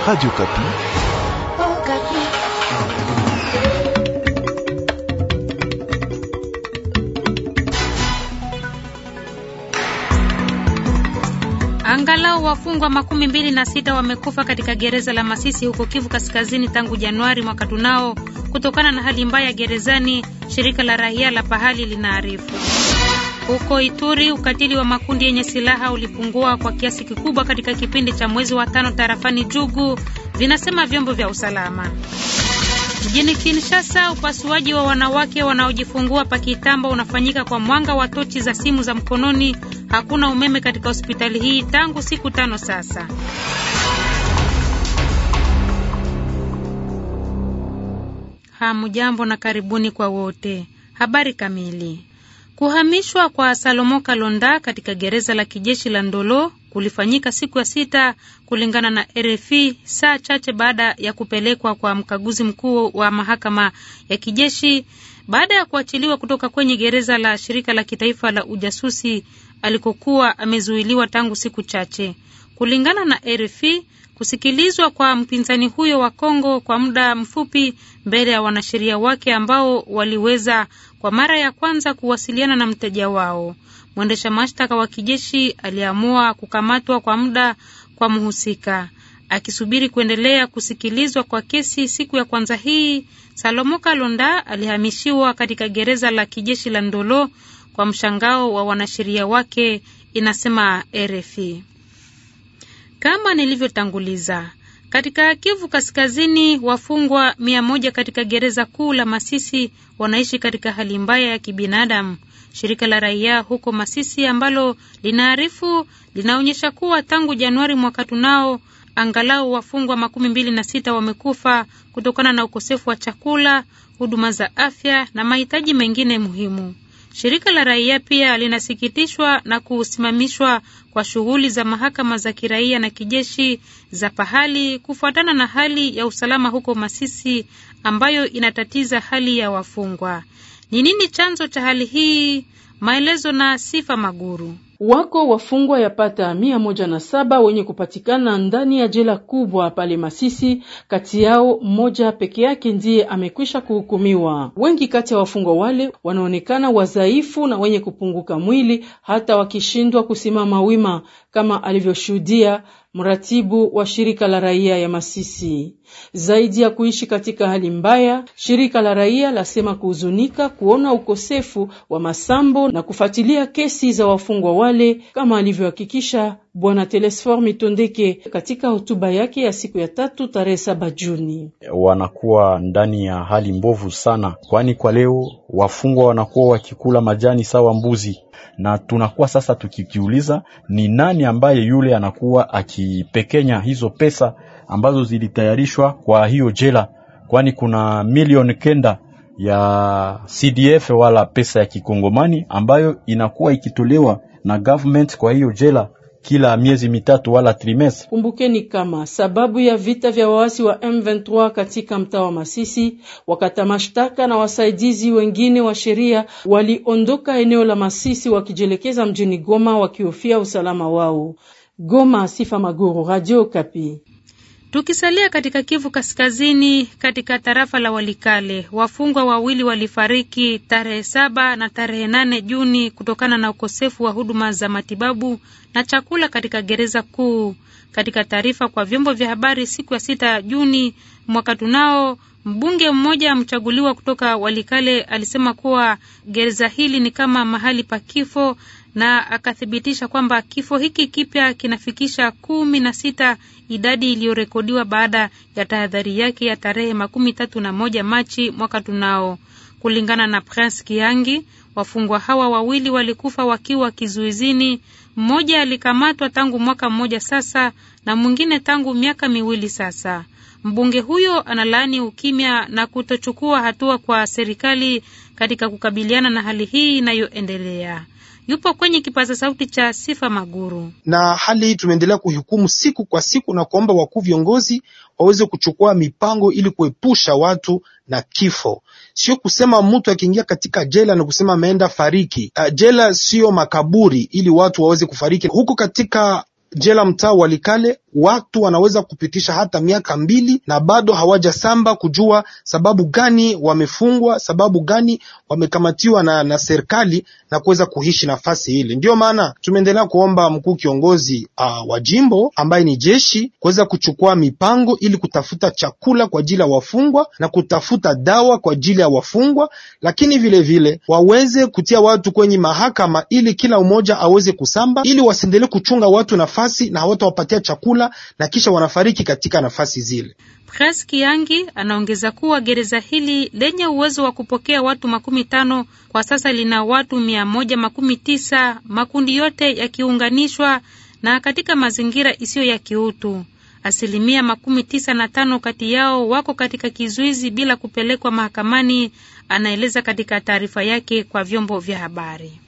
Radio Kapi. Oh, Kapi. Angalau wafungwa makumi mbili na sita wamekufa katika gereza la Masisi huko Kivu Kaskazini tangu Januari mwaka tunao kutokana na hali mbaya gerezani, shirika la raia la pahali linaarifu. Huko Ituri, ukatili wa makundi yenye silaha ulipungua kwa kiasi kikubwa katika kipindi cha mwezi wa tano tarafani Jugu, vinasema vyombo vya usalama. Mjini Kinshasa, upasuaji wa wanawake wanaojifungua pakitambo unafanyika kwa mwanga wa tochi za simu za mkononi. Hakuna umeme katika hospitali hii tangu siku tano sasa. Hamujambo na karibuni kwa wote. Habari kamili Kuhamishwa kwa Salomo Kalonda katika gereza la kijeshi la Ndolo kulifanyika siku ya sita kulingana na RFI, saa chache baada ya kupelekwa kwa mkaguzi mkuu wa mahakama ya kijeshi baada ya kuachiliwa kutoka kwenye gereza la shirika la kitaifa la ujasusi alikokuwa amezuiliwa tangu siku chache, kulingana na RFI kusikilizwa kwa mpinzani huyo wa Kongo kwa muda mfupi mbele ya wanasheria wake ambao waliweza kwa mara ya kwanza kuwasiliana na mteja wao. Mwendesha mashtaka wa kijeshi aliamua kukamatwa kwa muda kwa mhusika akisubiri kuendelea kusikilizwa kwa kesi. Siku ya kwanza hii, Salomo Kalonda alihamishiwa katika gereza la kijeshi la Ndolo kwa mshangao wa wanasheria wake, inasema RFI. Kama nilivyotanguliza, katika Kivu Kaskazini, wafungwa mia moja katika gereza kuu la Masisi wanaishi katika hali mbaya ya kibinadamu. Shirika la raia huko Masisi ambalo linaarifu linaonyesha kuwa tangu Januari mwaka tunao angalau wafungwa makumi mbili na sita wamekufa kutokana na ukosefu wa chakula, huduma za afya na mahitaji mengine muhimu. Shirika la raia pia linasikitishwa na kusimamishwa kwa shughuli za mahakama za kiraia na kijeshi za pahali kufuatana na hali ya usalama huko Masisi ambayo inatatiza hali ya wafungwa. Ni nini chanzo cha hali hii? Maelezo na Sifa Maguru. Wako wafungwa yapata mia moja na saba wenye kupatikana ndani ya jela kubwa pale Masisi. Kati yao mmoja peke yake ndiye amekwisha kuhukumiwa. Wengi kati ya wafungwa wale wanaonekana wadhaifu na wenye kupunguka mwili, hata wakishindwa kusimama wima, kama alivyoshuhudia mratibu wa shirika la raia ya Masisi. Zaidi ya kuishi katika hali mbaya, shirika la raia lasema kuhuzunika kuona ukosefu wa masambo na kufuatilia kesi za wafungwa wale wale, kama alivyohakikisha Bwana Telesfor Mitondeke katika hotuba yake ya siku ya tatu tarehe saba Juni. Wanakuwa ndani ya hali mbovu sana, kwani kwa leo wafungwa wanakuwa wakikula majani sawa mbuzi, na tunakuwa sasa tukikiuliza ni nani ambaye yule anakuwa akipekenya hizo pesa ambazo zilitayarishwa kwa hiyo jela, kwani kuna milioni kenda ya CDF wala pesa ya kikongomani ambayo inakuwa ikitolewa na government kwa hiyo jela kila miezi mitatu wala trimestre. Kumbukeni kama sababu ya vita vya waasi wa M23 katika mtaa wa Masisi, wakata mashtaka na wasaidizi wengine wa sheria waliondoka eneo la Masisi wakijielekeza mjini Goma wakihofia usalama wao. Goma, Sifa Maguru, Radio Kapi. Tukisalia katika Kivu Kaskazini, katika tarafa la Walikale, wafungwa wawili walifariki tarehe saba na tarehe nane Juni kutokana na ukosefu wa huduma za matibabu na chakula katika gereza kuu. Katika taarifa kwa vyombo vya habari siku ya sita Juni mwaka tunao, mbunge mmoja mchaguliwa kutoka Walikale alisema kuwa gereza hili ni kama mahali pa kifo na akathibitisha kwamba kifo hiki kipya kinafikisha kumi na sita, idadi iliyorekodiwa baada ya tahadhari yake ya tarehe makumi tatu na moja Machi mwaka tunao. Kulingana na Prince Kiangi, wafungwa hawa wawili walikufa wakiwa kizuizini. Mmoja alikamatwa tangu mwaka mmoja sasa na mwingine tangu miaka miwili sasa. Mbunge huyo analaani ukimya na kutochukua hatua kwa serikali katika kukabiliana na hali hii inayoendelea yupo kwenye kipaza sauti cha Sifa Maguru. Na hali hii tumeendelea kuhukumu siku kwa siku na kuomba wakuu viongozi waweze kuchukua mipango ili kuepusha watu na kifo. Sio kusema mtu akiingia katika jela na kusema ameenda fariki. Uh, jela sio makaburi ili watu waweze kufariki. Huko katika jela mtaa Walikale watu wanaweza kupitisha hata miaka mbili na bado hawajasamba kujua sababu gani wamefungwa, sababu gani wamekamatiwa na, na serikali na kuweza kuishi nafasi hili Ndiyo maana tumeendelea kuomba mkuu kiongozi uh, wa jimbo ambaye ni jeshi kuweza kuchukua mipango ili kutafuta chakula kwa ajili ya wafungwa na kutafuta dawa kwa ajili ya wafungwa, lakini vile vile waweze kutia watu kwenye mahakama ili kila mmoja aweze kusamba, ili wasiendelee kuchunga watu nafasi na hawatawapatia chakula chakula na kisha wanafariki katika nafasi zile. Pres Kiangi anaongeza kuwa gereza hili lenye uwezo wa kupokea watu makumi tano kwa sasa lina watu mia moja makumi tisa makundi yote yakiunganishwa na katika mazingira isiyo ya kiutu. Asilimia makumi tisa na tano kati yao wako katika kizuizi bila kupelekwa mahakamani, anaeleza katika taarifa yake kwa vyombo vya habari.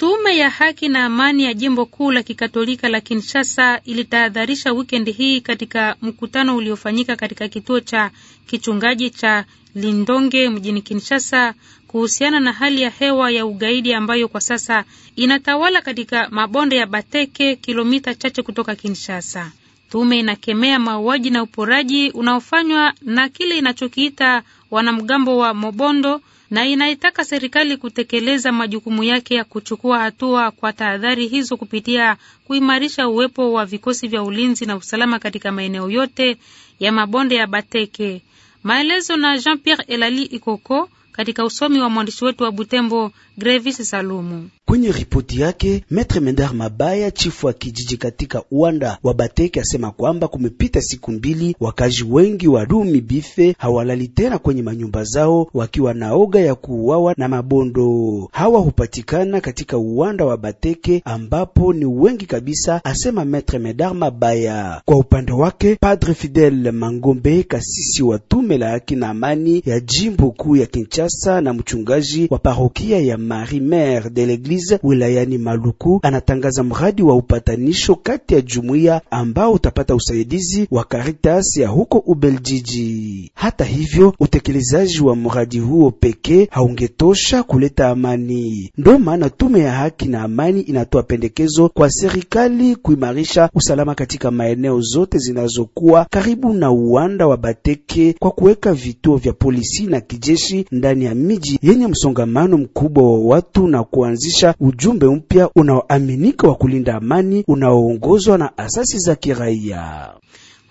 Tume ya haki na amani ya jimbo kuu la kikatolika la Kinshasa ilitahadharisha wikendi hii katika mkutano uliofanyika katika kituo cha kichungaji cha Lindonge mjini Kinshasa kuhusiana na hali ya hewa ya ugaidi ambayo kwa sasa inatawala katika mabonde ya Bateke, kilomita chache kutoka Kinshasa. Tume inakemea mauaji na uporaji unaofanywa na kile inachokiita wanamgambo wa Mobondo na inaitaka serikali kutekeleza majukumu yake ya kuchukua hatua kwa tahadhari hizo kupitia kuimarisha uwepo wa vikosi vya ulinzi na usalama katika maeneo yote ya mabonde ya Bateke. Maelezo na Jean Pierre Elali Ikoko katika usomi wa mwandishi wetu wa Butembo Grevis Salumu. Kwenye ripoti yake, Metre Mendar Mabaya, chifu wa kijiji katika uwanda wa Bateke, asema kwamba kumepita siku mbili, wakazi wengi wa Rumi Bife hawalali tena kwenye manyumba zao, wakiwa na oga ya kuuawa na mabondo. Hawa hupatikana katika uwanda wa Bateke ambapo ni wengi kabisa, asema Metre Mendar Mabaya. Kwa upande wake, Padre Fidel Mangombe, kasisi wa tume la haki na amani ya jimbo kuu ya Kinshasa na mchungaji wa parokia ya Marie Mère de l'Eglise Moise wilayani Maluku anatangaza mradi wa upatanisho kati ya jumuiya ambao utapata usaidizi wa Caritas ya huko Ubeljiji. Hata hivyo, utekelezaji wa mradi huo pekee haungetosha kuleta amani. Ndio maana tume ya haki na amani inatoa pendekezo kwa serikali kuimarisha usalama katika maeneo zote zinazokuwa karibu na uwanda wa Bateke kwa kuweka vituo vya polisi na kijeshi ndani ya miji yenye msongamano mkubwa wa watu na kuanzisha kuanzisha ujumbe mpya unaoaminika wa kulinda amani unaoongozwa na asasi za kiraia.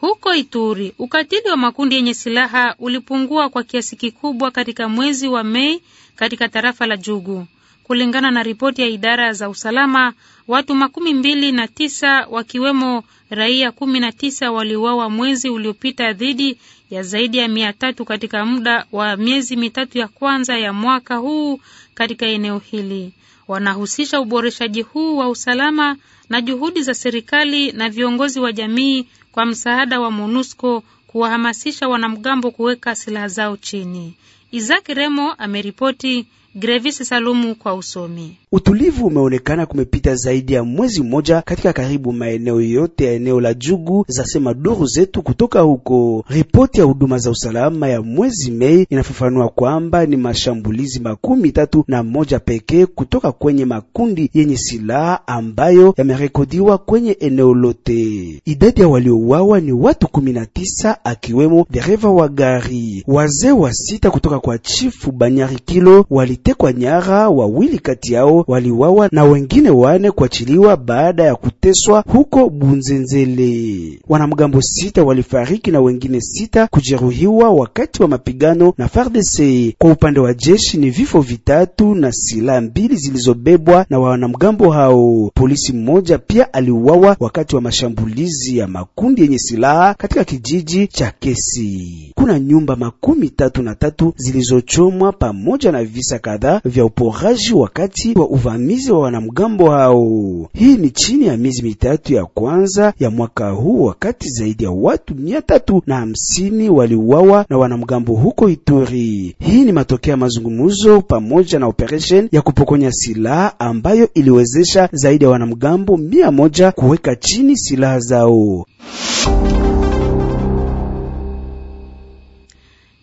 Huko Ituri, ukatili wa makundi yenye silaha ulipungua kwa kiasi kikubwa katika mwezi wa Mei katika tarafa la Jugu. Kulingana na ripoti ya idara za usalama, watu makumi mbili na tisa wakiwemo raia kumi na tisa waliuawa mwezi uliopita dhidi ya zaidi ya mia tatu katika muda wa miezi mitatu ya kwanza ya mwaka huu katika eneo hili. Wanahusisha uboreshaji huu wa usalama na juhudi za serikali na viongozi wa jamii kwa msaada wa MONUSCO kuwahamasisha wanamgambo kuweka silaha zao chini. Isaac Remo ameripoti. Grevis Salumu kwa usomi. Utulivu umeonekana kumepita zaidi ya mwezi mmoja katika karibu maeneo yote ya eneo la Jugu, zasema duru zetu kutoka huko. Ripoti ya huduma za usalama ya mwezi Mei inafafanua kwamba ni mashambulizi makumi tatu na moja pekee kutoka kwenye makundi yenye silaha ambayo yamerekodiwa kwenye eneo lote. Idadi ya waliouawa ni watu 19 akiwemo dereva wa gari. Wazee wa sita kutoka kwa chifu Banyarikilo wali walitekwa nyara, wawili kati yao waliwawa na wengine wane kuachiliwa baada ya kuteswa huko Bunzenzele. Wanamgambo sita walifariki na wengine sita kujeruhiwa wakati wa mapigano na FARDC. Kwa upande wa jeshi ni vifo vitatu na silaha mbili zilizobebwa na wanamgambo hao. Polisi mmoja pia aliuawa wakati wa mashambulizi ya makundi yenye silaha katika kijiji cha Kesi. Kuna nyumba makumi tatu na tatu zilizochomwa pamoja na visa kadhaa vya uporaji wakati wa uvamizi wa wanamgambo hao. Hii ni chini ya miezi mitatu ya kwanza ya mwaka huu, wakati zaidi ya watu mia tatu na hamsini waliuawa na wanamgambo huko Ituri. Hii ni matokeo ya mazungumzo pamoja na operation ya kupokonya silaha ambayo iliwezesha zaidi ya wanamgambo mia moja kuweka chini silaha zao.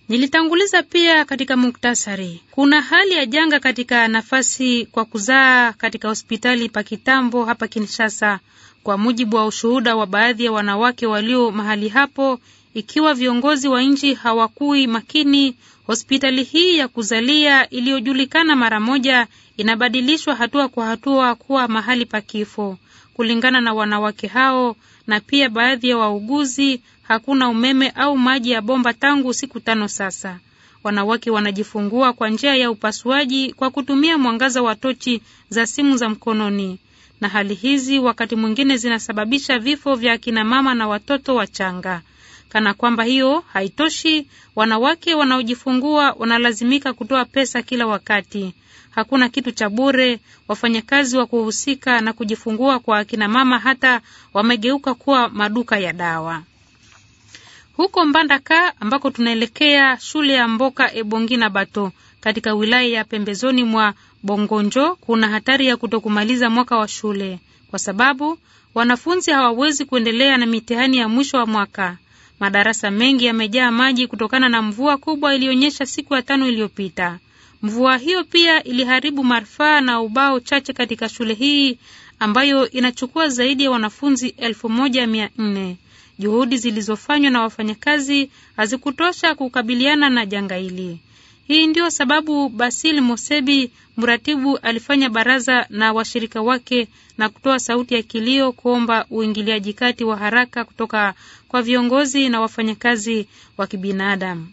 Nilitanguliza pia katika muktasari, kuna hali ya janga katika nafasi kwa kuzaa katika hospitali pa Kitambo hapa Kinshasa, kwa mujibu wa ushuhuda wa baadhi ya wanawake walio mahali hapo. Ikiwa viongozi wa nchi hawakui makini, hospitali hii ya kuzalia iliyojulikana mara moja inabadilishwa hatua kwa hatua kuwa mahali pa kifo, kulingana na wanawake hao na pia baadhi ya wauguzi Hakuna umeme au maji ya bomba tangu siku tano sasa. Wanawake wanajifungua kwa njia ya upasuaji kwa kutumia mwangaza wa tochi za simu za mkononi, na hali hizi wakati mwingine zinasababisha vifo vya akina mama na watoto wachanga. Kana kwamba hiyo haitoshi, wanawake wanaojifungua wanalazimika kutoa pesa kila wakati. Hakuna kitu cha bure. Wafanyakazi wa kuhusika na kujifungua kwa akina mama hata wamegeuka kuwa maduka ya dawa. Huko Mbandaka ambako tunaelekea shule ya Mboka Ebongi na Bato katika wilaya ya pembezoni mwa Bongonjo kuna hatari ya kutokumaliza mwaka wa shule kwa sababu wanafunzi hawawezi kuendelea na mitihani ya mwisho wa mwaka. Madarasa mengi yamejaa maji kutokana na mvua kubwa iliyonyesha siku ya tano iliyopita. Mvua hiyo pia iliharibu marfaa na ubao chache katika shule hii ambayo inachukua zaidi ya wanafunzi elfu moja mia nne juhudi zilizofanywa na wafanyakazi hazikutosha kukabiliana na janga hili. Hii ndio sababu Basil Mosebi, mratibu, alifanya baraza na washirika wake na kutoa sauti ya kilio kuomba uingiliaji kati wa haraka kutoka kwa viongozi na wafanyakazi wa kibinadamu.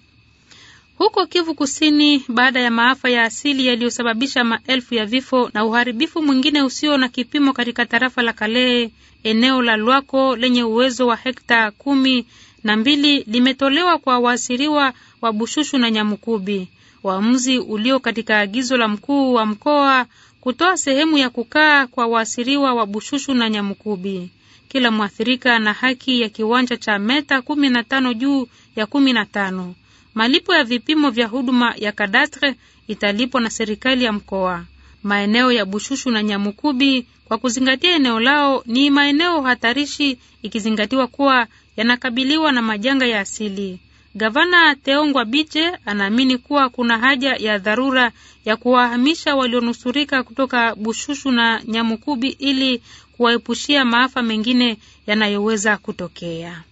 Huko Kivu Kusini, baada ya maafa ya asili yaliyosababisha maelfu ya vifo na uharibifu mwingine usio na kipimo katika tarafa la Kalehe, eneo la Lwako lenye uwezo wa hekta kumi na mbili limetolewa kwa waasiriwa wa Bushushu na Nyamukubi. Uamuzi ulio katika agizo la mkuu wa mkoa kutoa sehemu ya kukaa kwa waasiriwa wa Bushushu na Nyamukubi. Kila mwathirika ana haki ya kiwanja cha meta kumi na tano juu ya kumi na tano. Malipo ya vipimo vya huduma ya kadastre italipwa na serikali ya mkoa. Maeneo ya Bushushu na Nyamukubi, kwa kuzingatia eneo lao, ni maeneo hatarishi, ikizingatiwa kuwa yanakabiliwa na majanga ya asili. Gavana Teongwa Biche anaamini kuwa kuna haja ya dharura ya kuwahamisha walionusurika kutoka Bushushu na Nyamukubi ili kuwaepushia maafa mengine yanayoweza kutokea.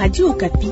Radio Okapi.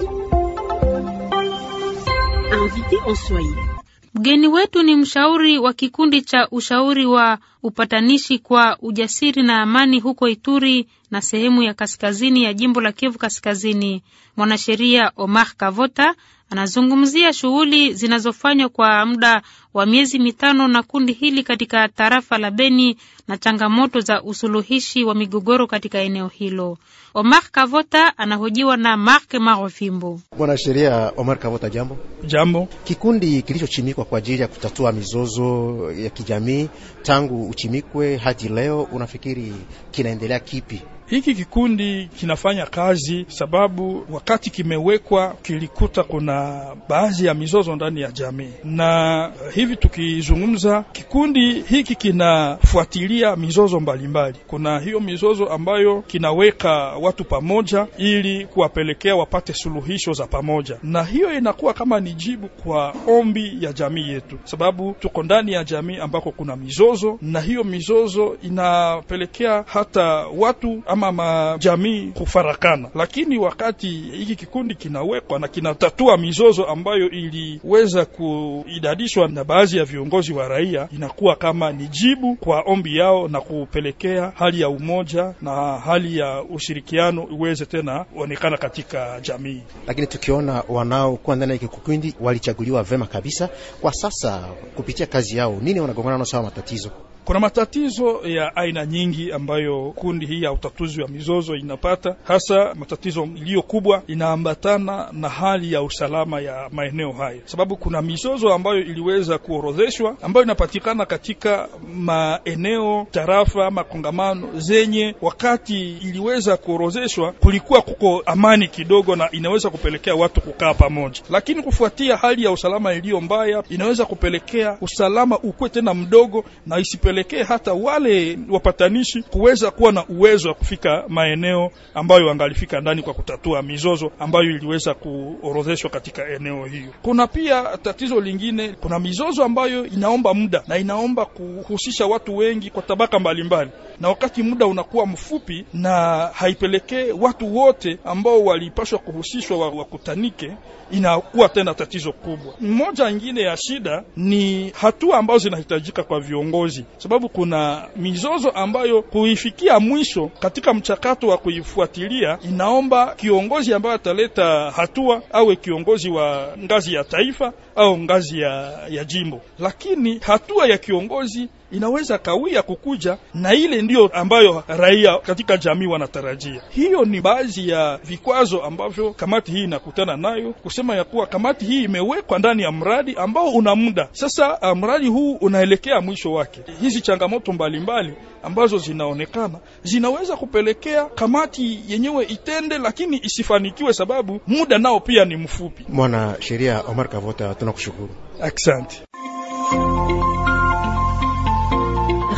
Mgeni wetu ni mshauri wa kikundi cha ushauri wa upatanishi kwa ujasiri na amani huko Ituri na sehemu ya kaskazini ya jimbo la Kivu Kaskazini, mwanasheria Omar Kavota Anazungumzia shughuli zinazofanywa kwa muda wa miezi mitano na kundi hili katika tarafa la Beni na changamoto za usuluhishi wa migogoro katika eneo hilo. Omar Kavota anahojiwa na Mark Marofimbo. Bwana sheria Omar Kavota, jambo jambo. Kikundi kilichochimikwa kwa ajili ya kutatua mizozo ya kijamii tangu uchimikwe hadi leo, unafikiri kinaendelea kipi? Hiki kikundi kinafanya kazi sababu wakati kimewekwa kilikuta kuna baadhi ya mizozo ndani ya jamii, na hivi tukizungumza, kikundi hiki kinafuatilia mizozo mbalimbali mbali. Kuna hiyo mizozo ambayo kinaweka watu pamoja ili kuwapelekea wapate suluhisho za pamoja, na hiyo inakuwa kama ni jibu kwa ombi ya jamii yetu, sababu tuko ndani ya jamii ambako kuna mizozo, na hiyo mizozo inapelekea hata watu ama majamii kufarakana, lakini wakati hiki kikundi kinawekwa na kinatatua mizozo ambayo iliweza kuidadishwa na baadhi ya viongozi wa raia, inakuwa kama ni jibu kwa ombi yao na kupelekea hali ya umoja na hali ya ushirikiano iweze tena onekana katika jamii. Lakini tukiona wanaokuwa ndani ya kikundi walichaguliwa vema kabisa, kwa sasa kupitia kazi yao, nini wanagongana nao sawa matatizo kuna matatizo ya aina nyingi ambayo kundi hii ya utatuzi wa mizozo inapata, hasa matatizo iliyo kubwa inaambatana na hali ya usalama ya maeneo haya, sababu kuna mizozo ambayo iliweza kuorodheshwa ambayo inapatikana katika maeneo tarafa, makongamano zenye wakati iliweza kuorozeshwa kulikuwa kuko amani kidogo, na inaweza kupelekea watu kukaa pamoja, lakini kufuatia hali ya usalama iliyo mbaya inaweza kupelekea usalama ukwe tena mdogo na isipele itawapelekea hata wale wapatanishi kuweza kuwa na uwezo wa kufika maeneo ambayo wangalifika ndani kwa kutatua mizozo ambayo iliweza kuorodheshwa katika eneo hiyo. Kuna pia tatizo lingine, kuna mizozo ambayo inaomba muda na inaomba kuhusisha watu wengi kwa tabaka mbalimbali mbali na wakati muda unakuwa mfupi na haipelekee watu wote ambao walipashwa kuhusishwa wakutanike, inakuwa tena tatizo kubwa. Mmoja ingine ya shida ni hatua ambazo zinahitajika kwa viongozi, sababu kuna mizozo ambayo kuifikia mwisho katika mchakato wa kuifuatilia inaomba kiongozi ambaye ataleta hatua awe kiongozi wa ngazi ya taifa au ngazi ya, ya jimbo, lakini hatua ya kiongozi inaweza kawia kukuja, na ile ndiyo ambayo raia katika jamii wanatarajia. Hiyo ni baadhi ya vikwazo ambavyo kamati hii inakutana nayo, kusema ya kuwa kamati hii imewekwa ndani ya mradi ambao una muda sasa. Uh, mradi huu unaelekea mwisho wake. Hizi changamoto mbalimbali mbali ambazo zinaonekana zinaweza kupelekea kamati yenyewe itende, lakini isifanikiwe sababu muda nao pia ni mfupi. Mwana sheria Omar Kavota, tunakushukuru. Asante.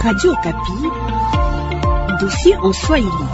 Radio Kapi. Dossier en Swahili.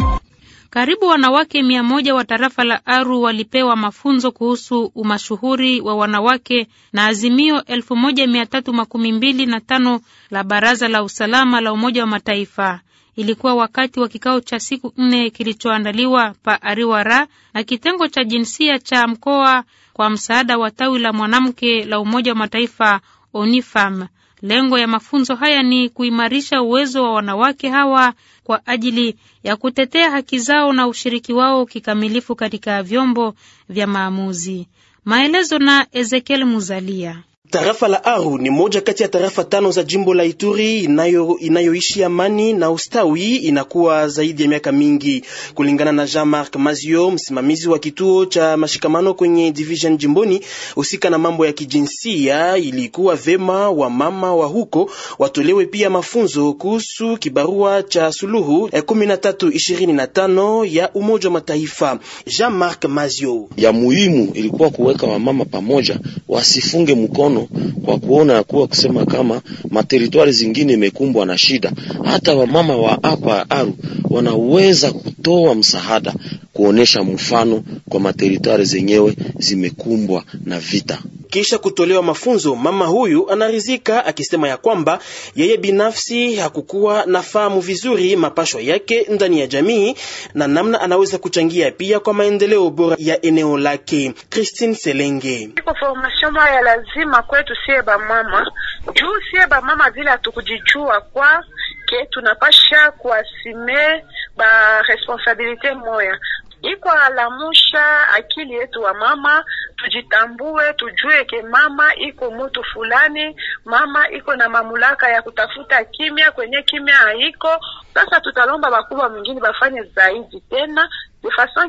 Karibu wanawake mia moja wa tarafa la Aru walipewa mafunzo kuhusu umashuhuri wa wanawake na azimio elfu moja mia tatu makumi mbili na tano la Baraza la Usalama la Umoja wa Mataifa. Ilikuwa wakati wa kikao cha siku nne kilichoandaliwa pa Ariwara na kitengo cha jinsia cha mkoa kwa msaada wa tawi la mwanamke la Umoja wa Mataifa ONIFAM. Lengo ya mafunzo haya ni kuimarisha uwezo wa wanawake hawa kwa ajili ya kutetea haki zao na ushiriki wao kikamilifu katika vyombo vya maamuzi. Maelezo na Ezekiel Muzalia. Tarafa la Aru ni moja kati ya tarafa tano za jimbo la Ituri inayo inayoishi amani na ustawi inakuwa zaidi ya miaka mingi, kulingana na Jean-Marc Mazio, msimamizi wa kituo cha mashikamano kwenye division jimboni husika na mambo ya kijinsia. Ilikuwa vema wamama wa huko watolewe pia mafunzo kuhusu kibarua cha suluhu 1325 eh, ya Umoja wa Mataifa. Jean-Marc Mazio: ya muhimu ilikuwa kuweka wamama pamoja, wasifunge mkono mkono kwa kuona ya kuwa kusema kama materitwari zingine imekumbwa na shida, hata wamama wa hapa Aru wanaweza kutoa msaada, kuonesha mfano kwa materitwari zenyewe zimekumbwa na vita. Kisha kutolewa mafunzo, mama huyu anarizika akisema ya kwamba yeye binafsi hakukuwa nafahamu vizuri mapashwa yake ndani ya jamii na namna anaweza kuchangia pia kwa maendeleo bora ya eneo lake. Christine Selenge: iko formation ya lazima kwetu sie bamama, juu sie mama vile hatukujijua kwa ke tunapasha kuasime ba responsabilite moya iko alamusha akili yetu wa mama, tujitambue, tujue ke mama iko mutu fulani, mama iko na mamulaka ya kutafuta kimya kwenye kimya haiko. Sasa tutalomba bakubwa mwingine bafanye zaidi tena de façon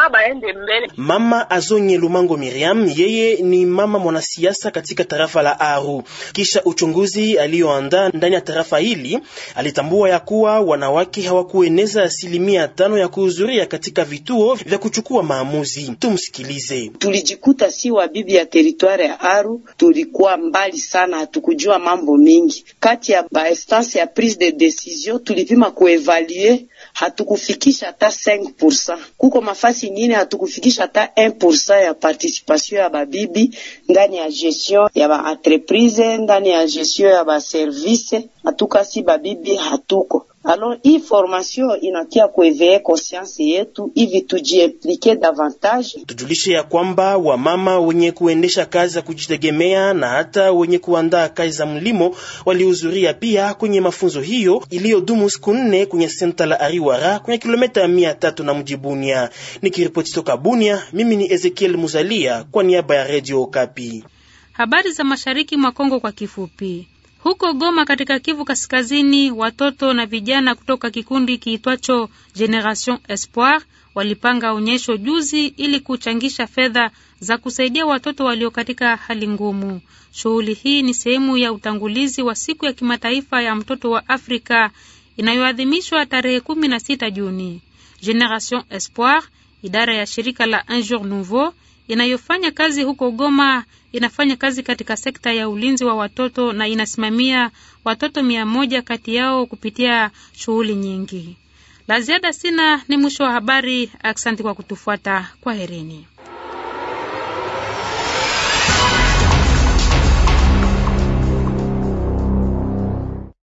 mbele. Mama Azonye Lumango Miriam, yeye ni mama mwanasiasa katika tarafa la Aru. Kisha uchunguzi aliyoandaa ndani ya tarafa hili, alitambua ya kuwa wanawake hawakueneza asilimia tano ya kuhudhuria katika vituo vya kuchukua maamuzi. Tumsikilize. Tulijikuta si wa bibi ya teritwari ya Aru, tulikuwa mbali sana, hatukujua mambo mingi kati ya bainstance ya prise de decision, tulipima kuevalue hatukufikisha hata 5%. Kuko mafasi nyingine hatukufikisha hata 1% ya participation ya babibi ndani ya gestion ya ba entreprise, ndani ya gestion ya ba service. Hatukasi babibi hatuko Alors hii formation inakia kueveye conscience yetu hivi tujiimplike davantage. Tujulishe ya kwamba wamama wenye kuendesha kazi za kujitegemea na hata wenye kuandaa kazi za mlimo walihudhuria pia kwenye mafunzo hiyo iliyodumu siku nne kwenye senta la Ariwara kwenye kilomita mia tatu na mji Bunia. Nikiripoti toka Bunia, mimi ni Ezekiel Muzalia kwa niaba ya redio Okapi. Habari za mashariki mwa Kongo kwa kifupi. Huko Goma katika Kivu Kaskazini, watoto na vijana kutoka kikundi kiitwacho Generation Espoir walipanga onyesho juzi ili kuchangisha fedha za kusaidia watoto walio katika hali ngumu. Shughuli hii ni sehemu ya utangulizi wa siku ya kimataifa ya mtoto wa Afrika inayoadhimishwa tarehe kumi na sita Juni. Generation Espoir, idara ya shirika la Un Jour Nouveau inayofanya kazi huko Goma inafanya kazi katika sekta ya ulinzi wa watoto na inasimamia watoto mia moja kati yao kupitia shughuli nyingi. La ziada sina. Ni mwisho wa habari. Asante kwa kutufuata. Kwa herini